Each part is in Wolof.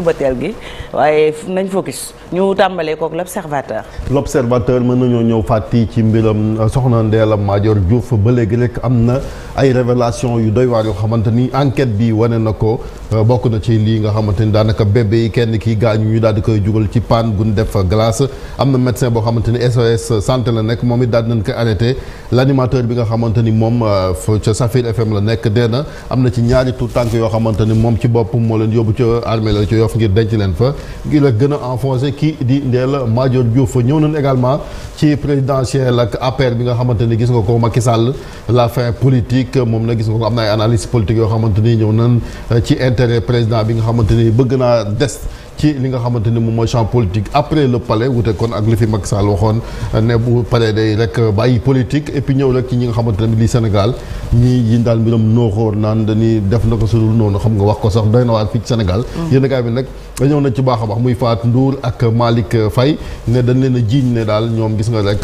suba teel gi waaye nañ focus ñu tàmbalee kook l' observateur. l' observateur mën ñëw fàtti ci mbiram euh, soxna Ndella Madior Diouf ba léegi rek amna ay révélation yu doy war yo xamanteni enquête bi wane nako euh, bokku na ci li nga xamanteni danaka bébé yi kenn ki gañu ñu dal di koy jugal ci paan gun def glace amna médecin bo xamanteni SOS santé la nek momi dal nañ ko arrêté l'animateur bi nga xamanteni mom moom euh, ca Safir FM la nek déna amna ci ñaari tout tank yo xamanteni mom ci bopp mo leen yobu ci armée la ci qui ngir denc leen fa qui la enfoncé di également ci présidentiel ak APR bi nga gis la fin politique qui na gis nga analyse politique yo xamanteni intérêt président bi nga ci li nga xamante ni moom mooy champ politique après le palais wute kon ak li fi Macky Sall waxoon ne bu paree day rek bàyyi politique et puis ñëw rek ci ñi nga xamante ne li Sénégal ñi yi daal mbiram nooxóor naan dañuy def na ko sudul noonu xam nga wax ko sax doy na waar fii ci mm. ñëw na ci a a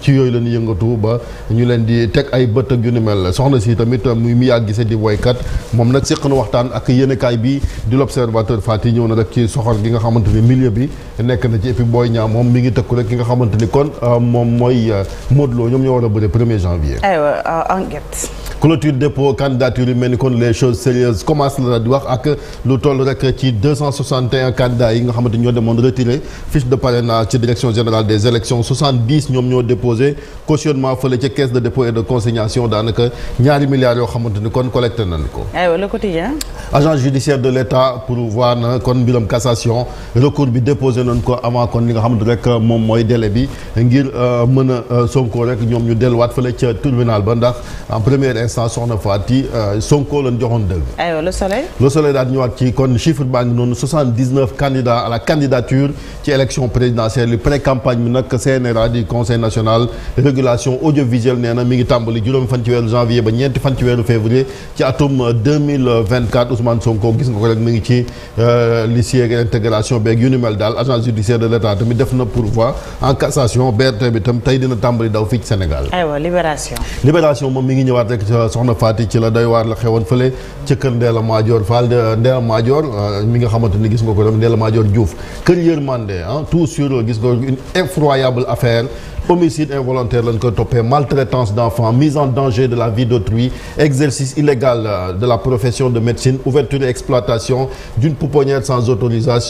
ci yooyu la yëngatu ba ñu leen di teg ay bët ak yu ni mel soxna si tamit muy mi yaa gisee di woykat moom nag séq na waxtaan ak yéen bi di l'observateur Fatou ñëw na rek ci soxor ak gi nga xamante milieu bi nek na ci et Boy Niang mom mi ngi tekkul rek ki nga xamante kon euh, mom moy euh, modlo ñom ñoo wara bëre 1er janvier. wa euh, enquête. clôture dépôt candidature yu kon les choses sérieuses commence la di wax ak lu toll rek ci 261 candidats yi nga xamante ñoo demone retirer fiche de parrainage ci direction générale des élections 70 ñom ñoo déposé cautionnement fële ci caisse de dépôt et de consignation daanaka ñaari milliards yo xamante kon collecter nañ ko. wa le quotidien. agence judiciaire de l'état pour voir na kon mbiram cassation élection recours bi déposé nañ ko avant kon li nga de rek euh, moom mooy délai bi ngir euh, mën a euh, Sonko rek ñoom ñu delluwaat le ca tribunal ba en première instance on a fait, son collègue de aywa le soleil. le soleil daal ñëwaat ci kon chiffre baa non 79 candidats à la candidature ci élection présidentielle pré-campagne bi nag CNRA du conseil national régulation audiovisuelle nee un mi ngi tàmbali juróomi fan ci janvier ba ñeenti fan ci weeru février ci atum 2024 Ousmane Sonko gis nga ko rek mi ngi ci lycée fédération beeg yu mel agence judiciaire de l'état tamit def na pourvoi en cassation berté bi tam tey dina tambali daw fi ci Sénégal. wa libération. libération mom mi ngi ñëwaat rek soxna Fati ci la doy war la xewoon fële ca kër Ndella Madior Fall la Madior euh, mi nga xamante gis nga ko dem Ndella Madior Diouf kër mandé hein, tout sur gis nga une effroyable affaire. homicide involontaire lañ ko topé maltraitance d'enfants mise en danger de la vie d'autrui exercice illégal euh, de la profession de médecine ouverture et exploitation d'une pouponnière sans autorisation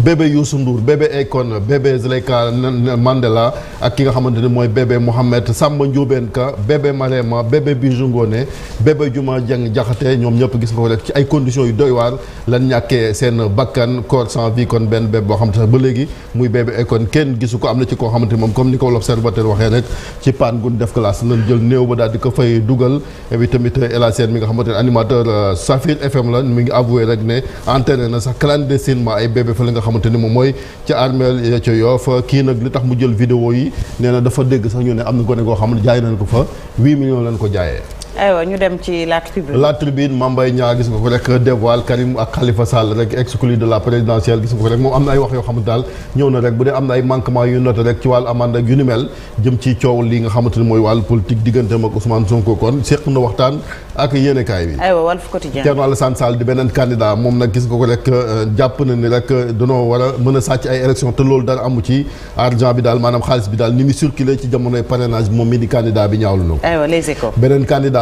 bébé Youssou Ndour bébé Akon bébé Zleika Mandela ak ki nga xamante ne mooy bébé Mohamed Samba Ndiobène Ka bébé Marema bébé Bijou Ngoné bébé Juma Jang Jaxate ñoom ñëpp gis nga ko ci ay condition yu doy waar lan ñàkkee seen bakkan corps sans vie kon benn bébé boo xamante ne ba léegi muy bébé Akon kenn gisu ko am na ci koo xamante moom comme ni ko l'observateur waxee rek ci paan gun def classe lan jël néew ba daal di ko fay dugal et puis euh, nga xamante ne animateur euh, Safir FM la mi ngi xamante ni moom mooy ca armeel ca Yoff kii nag li tax mu jël vidéo yi nee na dafa dégg sax ñu ne am na gone goo xam ne jaay nañ ko fa 8 million lañ ko jaayee. aywa ñu dem ci la tribune. la tribune Mame Mbaye Niang gis nga ko rek dévoile Karim ak Khalifa Sall rek exclu de la présidentielle gis nga ko rek moom am na ay wax yoo xamante daal ñëw na rek bu dee am na ay manquement yu noté rek ci wàllu amande yu ni mel jëm ci coow li nga xamante ne mooy wàllu politique digganteem ak Ousmane Sonko kon seq na waxtaan ak yéenekaay bi. aywa Walf Quotidien Thierno Alassane di beneen candidat moom nag gis nga ko rek euh, jàpp na ni rek euh, danoo war a mën a sàcc ay élection ci argent bi daal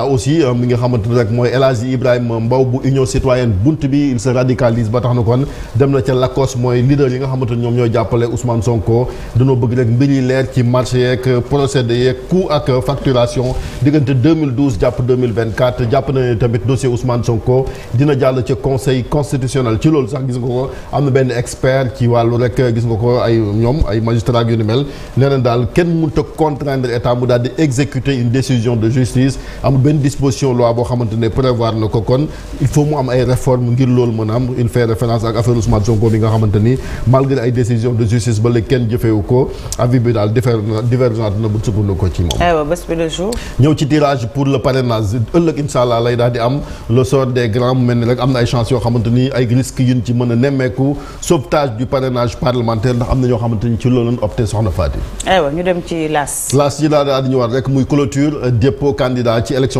candidat aussi euh, mi nga xamante rek moy El Ibrahim Ibrahima Mbow bu Union Citoyenne bunt bi il se radicalise ba taxna kon dem na ci Lacoste moy leader yi nga xamante ñom ñoy ñooy Ousmane Sonko dañoo bëgg rek mbir yi leer ci marché yeeg euh, procédé yeeg coût ak euh, facturation diggante 2012 japp 2024 japp na tamit dossier Ousmane Sonko dina jall ci conseil constitutionnel ci lool sax gis nga ko am na benn expert ci walu rek gis nga ko ay ñom ay magistrat yu ni mel leneen dal kenn mu a contraindre état mu dal di exécuter une décision de justice amul benn disposition loi bo xamantene prévoir na kon il faut mu am ay réformes ngir loolu mën a am il fait référence ak affaire Ousmane Sonko bi nga xamanteni malgré ay décisions de justice ba le ken jëfewu ko avis bi daal divergente na bu sukkandiku ko ci mom moom. Eh aywa bés bi le jour. ñëw ci tirage pour le parrainage ëllëg inshallah lay daal di am le sort des grands men rek amna ay chance yo xamanteni ay risques yu ci mën néméku nemmeeku sauvetage du parrainage parlementaire ndax amna ño xamanteni ci loolu lañ opté soxna Fatick. Eh aywa ñu dem ci las. las yi daal di ñu war rek muy clôture euh, dépôt candidat ci élection.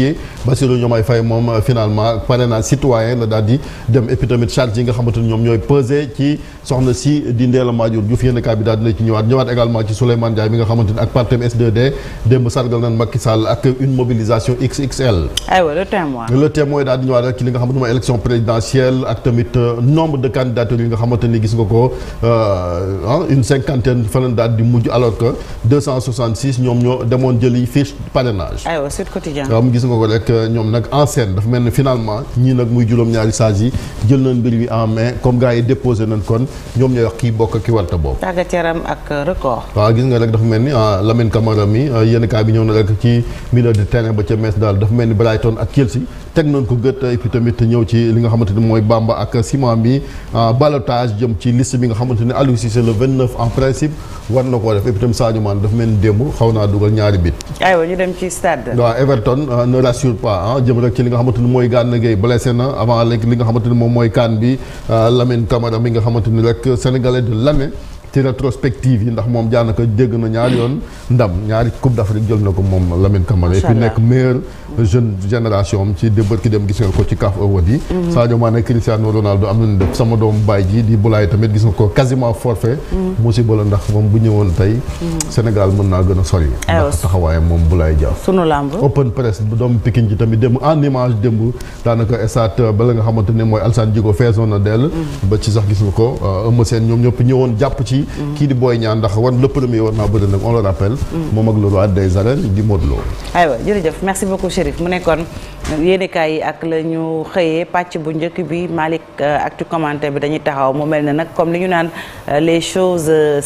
fichier Bassirou Diomaye Faye moom euh, finalement parrainage citoyen la daal di dem et charge yi nga xamante ñom ñoy peser ci soxna si di Ndella Madior Diouf yenn cas bi daal dina ci ñëwaat ñëwaat également ci Souleymane Ndiaye mi nga xamante ak partem S2D démb sargal nan Macky Sall ak une mobilisation XXL. ay wa le témoin le témoin daal di ñëwaat ci li nga xamante ni élection présidentielle ak tamit euh, nombre de candidatures yi nga xamante gis nga ko euh hein, une cinquantaine fa lañ daal di muju alors que 266 ñom ñoo demone jël fiche parrainage. ay wa Sud Quotidien. nga ko rek euh, ñoom nag en scène dafa mel ne finalement ñii nag muy juróom euh, gis nga rek dafa mel ni ah, Lamine Camara mi euh, yenn cas bi ñëw na rek ci milieu de terrain ba ca daal dafa mel ni Brighton ak Chelsea teg nañ ko gët et puis tamit ñëw ci li nga xamante mooy Bamba ak Ciment bi ah, ballottage jëm ci liste bi nga xamante ni en principe war na koo def et puis dafa mel ni démb xaw naa dugal ñaari bit. rassure pas ah jëm rek ci ha? li nga xamanteni moy gan gay blessé na avant li nga xamanteni mom moy kan bi uh, lamine kamara mi nga xamanteni rek sénégalais de lamine ci rétrospective yi ndax moom daanaka dégg na ñaari yoon ndam ñaari coupe d'Afrique jël na ko moom Lamine Camara et puis nekk meilleur jeune génération am ci débër ki dem gis nga ko ci CAF Awards yi mhm. Sadio Mané Cristiano Ronaldo am nañu def sama doom baay ji di Boulaye tamit gis nga ko quasiment forfait mhm. musiba la ndax moom bu ñëwoon tey mhm. Sénégal mën naa gën a sori ndax taxawaayam moom Boulaye Dia open press doomu Pikine ji tamit démb en image démb daanaka ne aussi. Mm-hmm. kii di Boy Niang ndax wan le premier war naa bëri nag on le rappelle. Mm-hmm. moom ak le roi des di Modou Lo. aywa jërëjëf merci beaucoup Chérif mu nekkoon yéenekaay yi ak la xëyee pàcc bu njëkk bi Malick euh, actu commentaire bi dañuy taxaw mu mel ne nag comme li ñu naan euh, les choses. Euh,